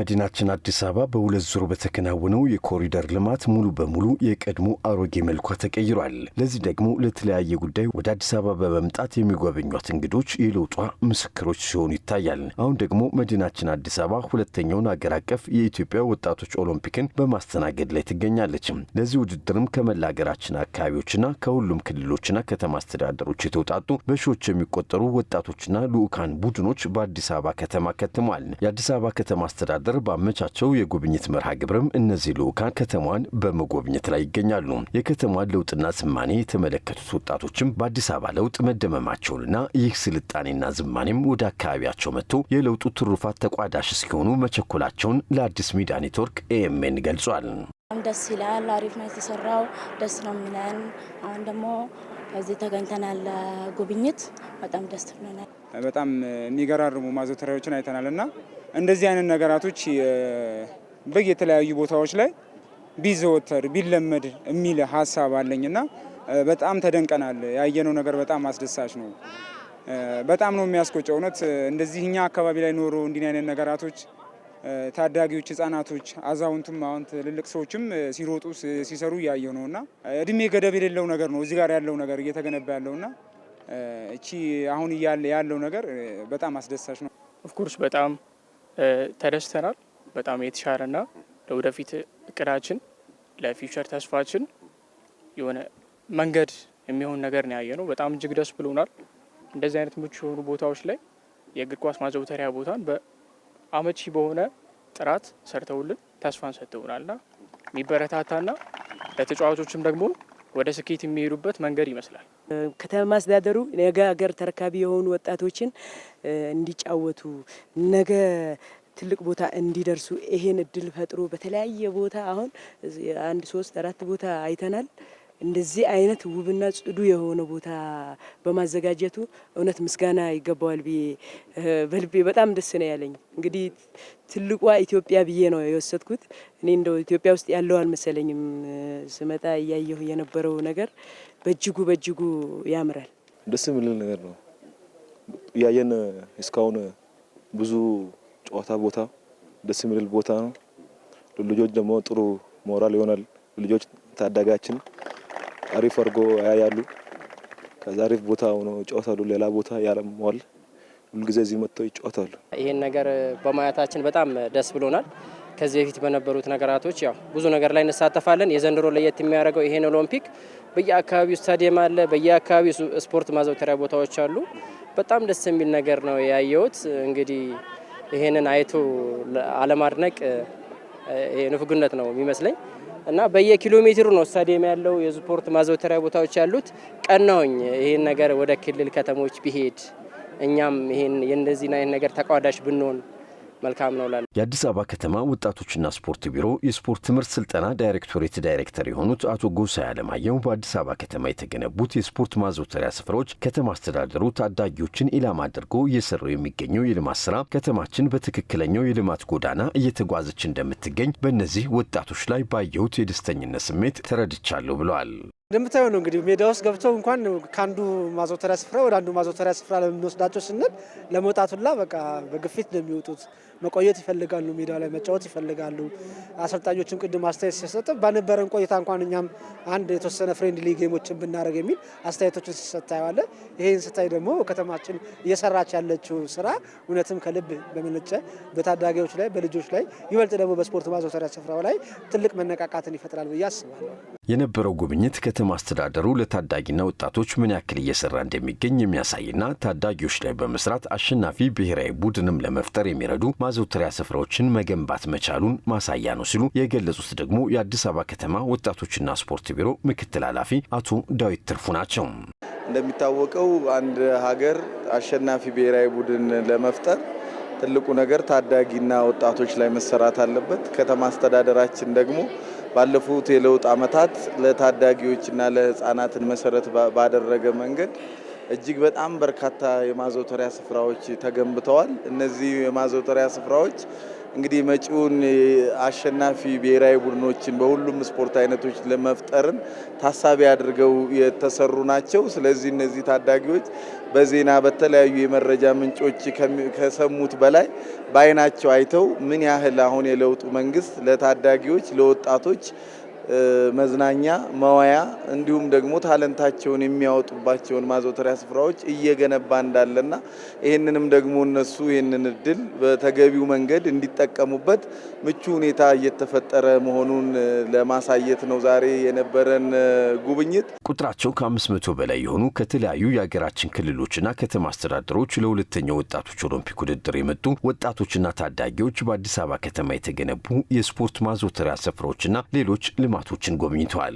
መዲናችን አዲስ አበባ በሁለት ዙር በተከናወነው የኮሪደር ልማት ሙሉ በሙሉ የቀድሞ አሮጌ መልኳ ተቀይሯል። ለዚህ ደግሞ ለተለያየ ጉዳይ ወደ አዲስ አበባ በመምጣት የሚጎበኟት እንግዶች የለውጧ ምስክሮች ሲሆኑ ይታያል። አሁን ደግሞ መዲናችን አዲስ አበባ ሁለተኛውን አገር አቀፍ የኢትዮጵያ ወጣቶች ኦሎምፒክን በማስተናገድ ላይ ትገኛለች። ለዚህ ውድድርም ከመላ ሀገራችን አካባቢዎችና ከሁሉም ክልሎችና ከተማ አስተዳደሮች የተውጣጡ በሺዎች የሚቆጠሩ ወጣቶችና ልዑካን ቡድኖች በአዲስ አበባ ከተማ ከትሟል። የአዲስ አበባ ከተማ አስተዳደር ቁጥጥር ባመቻቸው የጉብኝት መርሃ ግብርም እነዚህ ልዑካን ከተማዋን በመጎብኘት ላይ ይገኛሉ። የከተማዋን ለውጥና ዝማኔ የተመለከቱት ወጣቶችም በአዲስ አበባ ለውጥ መደመማቸውንና ይህ ስልጣኔና ዝማኔም ወደ አካባቢያቸው መጥቶ የለውጡ ትሩፋት ተቋዳሽ እስኪሆኑ መቸኮላቸውን ለአዲስ ሚዲያ ኔትወርክ ኤኤምኤን ገልጿል። ደስ ይላል። አሪፍ ነው የተሰራው። ደስ ነው የሚለን። አሁን ደግሞ ከዚህ ተገኝተናል ጉብኝት በጣም ደስ ብሎናል። በጣም የሚገራርሙ ማዘውተሪያዎችን አይተናል እና እንደዚህ አይነት ነገራቶች በየተለያዩ ቦታዎች ላይ ቢዘወተር ቢለመድ የሚል ሀሳብ አለኝ እና በጣም ተደንቀናል። ያየነው ነገር በጣም አስደሳች ነው። በጣም ነው የሚያስቆጨው። እውነት እንደዚህ እኛ አካባቢ ላይ ኖሮ እንዲህ አይነት ነገራቶች ታዳጊዎች፣ ህጻናቶች፣ አዛውንቱም አሁን ትልልቅ ሰዎችም ሲሮጡ ሲሰሩ እያየሁ ነው እና እድሜ ገደብ የሌለው ነገር ነው እዚህ ጋር ያለው ነገር እየተገነባ ያለው እና እቺ አሁን ያለው ነገር በጣም አስደሳች ነው። ኦፍኮርስ በጣም ተደስተናል። በጣም የተሻለና ለወደፊት እቅዳችን ለፊውቸር ተስፋችን የሆነ መንገድ የሚሆን ነገር ነው ያየ ነው። በጣም እጅግ ደስ ብሎናል። እንደዚህ አይነት ምቹ የሆኑ ቦታዎች ላይ የእግር ኳስ ማዘውተሪያ ቦታን በአመቺ በሆነ ጥራት ሰርተውልን ተስፋን ሰጥተውናልና የሚበረታታና ለተጫዋቾችም ደግሞ ወደ ስኬት የሚሄዱበት መንገድ ይመስላል። ከተማ አስተዳደሩ ነገ ሀገር ተረካቢ የሆኑ ወጣቶችን እንዲጫወቱ ነገ ትልቅ ቦታ እንዲደርሱ ይሄን እድል ፈጥሮ በተለያየ ቦታ አሁን አንድ ሶስት አራት ቦታ አይተናል። እንደዚህ አይነት ውብና ጽዱ የሆነ ቦታ በማዘጋጀቱ እውነት ምስጋና ይገባዋል ብዬ በልቤ በጣም ደስ ነው ያለኝ። እንግዲህ ትልቋ ኢትዮጵያ ብዬ ነው የወሰድኩት። እኔ እንደው ኢትዮጵያ ውስጥ ያለው አልመሰለኝም። ስመጣ እያየሁ የነበረው ነገር በእጅጉ በእጅጉ ያምራል። ደስ የሚል ነገር ነው እያየን እስካሁን ብዙ ጨዋታ ቦታ ደስ የሚል ቦታ ነው። ልጆች ደግሞ ጥሩ ሞራል ይሆናል። ልጆች ታዳጋችን አሪፍ አድርጎ ያያሉ። ከዛ አሪፍ ቦታ ሆኖ ይጫወታሉ። ሌላ ቦታ ያለመዋል ሁልጊዜ እዚህ መጥተው ይጫወታሉ። ይሄን ነገር በማየታችን በጣም ደስ ብሎናል። ከዚህ በፊት በነበሩት ነገራቶች ያው ብዙ ነገር ላይ እንሳተፋለን። የዘንድሮ ለየት የሚያደርገው ይሄን ኦሎምፒክ በየአካባቢው ስታዲየም አለ፣ በየአካባቢው ስፖርት ማዘውተሪያ ቦታዎች አሉ። በጣም ደስ የሚል ነገር ነው ያየሁት። እንግዲህ ይሄንን አይቶ አለማድነቅ ንፍግነት ነው የሚመስለኝ። እና በየኪሎ ሜትሩ ነው ስታዲየም ያለው የስፖርት ማዘውተሪያ ቦታዎች ያሉት። ቀናውኝ ይህን ነገር ወደ ክልል ከተሞች ቢሄድ እኛም ይህን የእንደዚህን አይነት ነገር ተቋዳሽ ብንሆን መልካም ነው ላለ የአዲስ አበባ ከተማ ወጣቶችና ስፖርት ቢሮ የስፖርት ትምህርት ስልጠና ዳይሬክቶሬት ዳይሬክተር የሆኑት አቶ ጎሳ ያለማየሁ በአዲስ አበባ ከተማ የተገነቡት የስፖርት ማዘውተሪያ ስፍራዎች ከተማ አስተዳደሩ ታዳጊዎችን ኢላማ አድርጎ እየሰራው የሚገኘው የልማት ስራ ከተማችን በትክክለኛው የልማት ጎዳና እየተጓዘች እንደምትገኝ በእነዚህ ወጣቶች ላይ ባየሁት የደስተኝነት ስሜት ተረድቻለሁ ብለዋል። እንደምታየው ነው እንግዲህ ሜዳ ውስጥ ገብተው እንኳን ከአንዱ ማዘውተሪያ ስፍራ ወደ አንዱ ማዘውተሪያ ስፍራ ለምንወስዳቸው ስንል ለመውጣቱላ በቃ በግፊት ነው የሚወጡት። መቆየት ይፈልጋሉ፣ ሜዳ ላይ መጫወት ይፈልጋሉ። አሰልጣኞችም ቅድም አስተያየት ሲሰጥ በነበረን ቆይታ እንኳን እኛም አንድ የተወሰነ ፍሬንድሊ ጌሞችን ብናደርግ የሚል አስተያየቶችን ሲሰጥ ታየዋለ። ይህን ስታይ ደግሞ ከተማችን እየሰራች ያለችው ስራ እውነትም ከልብ በመነጨ በታዳጊዎች ላይ በልጆች ላይ ይበልጥ ደግሞ በስፖርት ማዘውተሪያ ስፍራው ላይ ትልቅ መነቃቃትን ይፈጥራል ብዬ አስባለሁ። የነበረው ጉብኝት ከተማ አስተዳደሩ ለታዳጊና ወጣቶች ምን ያክል እየሰራ እንደሚገኝ የሚያሳይና ታዳጊዎች ላይ በመስራት አሸናፊ ብሔራዊ ቡድንም ለመፍጠር የሚረዱ ማዘውተሪያ ስፍራዎችን መገንባት መቻሉን ማሳያ ነው ሲሉ የገለጹት ደግሞ የአዲስ አበባ ከተማ ወጣቶችና ስፖርት ቢሮ ምክትል ኃላፊ አቶ ዳዊት ትርፉ ናቸው። እንደሚታወቀው አንድ ሀገር አሸናፊ ብሔራዊ ቡድን ለመፍጠር ትልቁ ነገር ታዳጊና ወጣቶች ላይ መሰራት አለበት። ከተማ አስተዳደራችን ደግሞ ባለፉት የለውጥ ዓመታት ለታዳጊዎችና ለህፃናትን መሰረት ባደረገ መንገድ እጅግ በጣም በርካታ የማዘውተሪያ ስፍራዎች ተገንብተዋል። እነዚህ የማዘውተሪያ ስፍራዎች እንግዲህ መጪውን አሸናፊ ብሔራዊ ቡድኖችን በሁሉም ስፖርት አይነቶች ለመፍጠርን ታሳቢ አድርገው የተሰሩ ናቸው። ስለዚህ እነዚህ ታዳጊዎች በዜና በተለያዩ የመረጃ ምንጮች ከሰሙት በላይ በአይናቸው አይተው ምን ያህል አሁን የለውጡ መንግስት ለታዳጊዎች ለወጣቶች መዝናኛ መዋያ እንዲሁም ደግሞ ታለንታቸውን የሚያወጡባቸውን ማዘውተሪያ ስፍራዎች እየገነባ እንዳለና ይህንንም ደግሞ እነሱ ይህንን እድል በተገቢው መንገድ እንዲጠቀሙበት ምቹ ሁኔታ እየተፈጠረ መሆኑን ለማሳየት ነው ዛሬ የነበረን ጉብኝት። ቁጥራቸው ከአምስት መቶ በላይ የሆኑ ከተለያዩ የሀገራችን ክልሎችና ከተማ አስተዳደሮች ለሁለተኛው ወጣቶች ኦሎምፒክ ውድድር የመጡ ወጣቶችና ታዳጊዎች በአዲስ አበባ ከተማ የተገነቡ የስፖርት ማዘውተሪያ ስፍራዎችና ሌሎች ልማ ልማቶችን ጎብኝተዋል።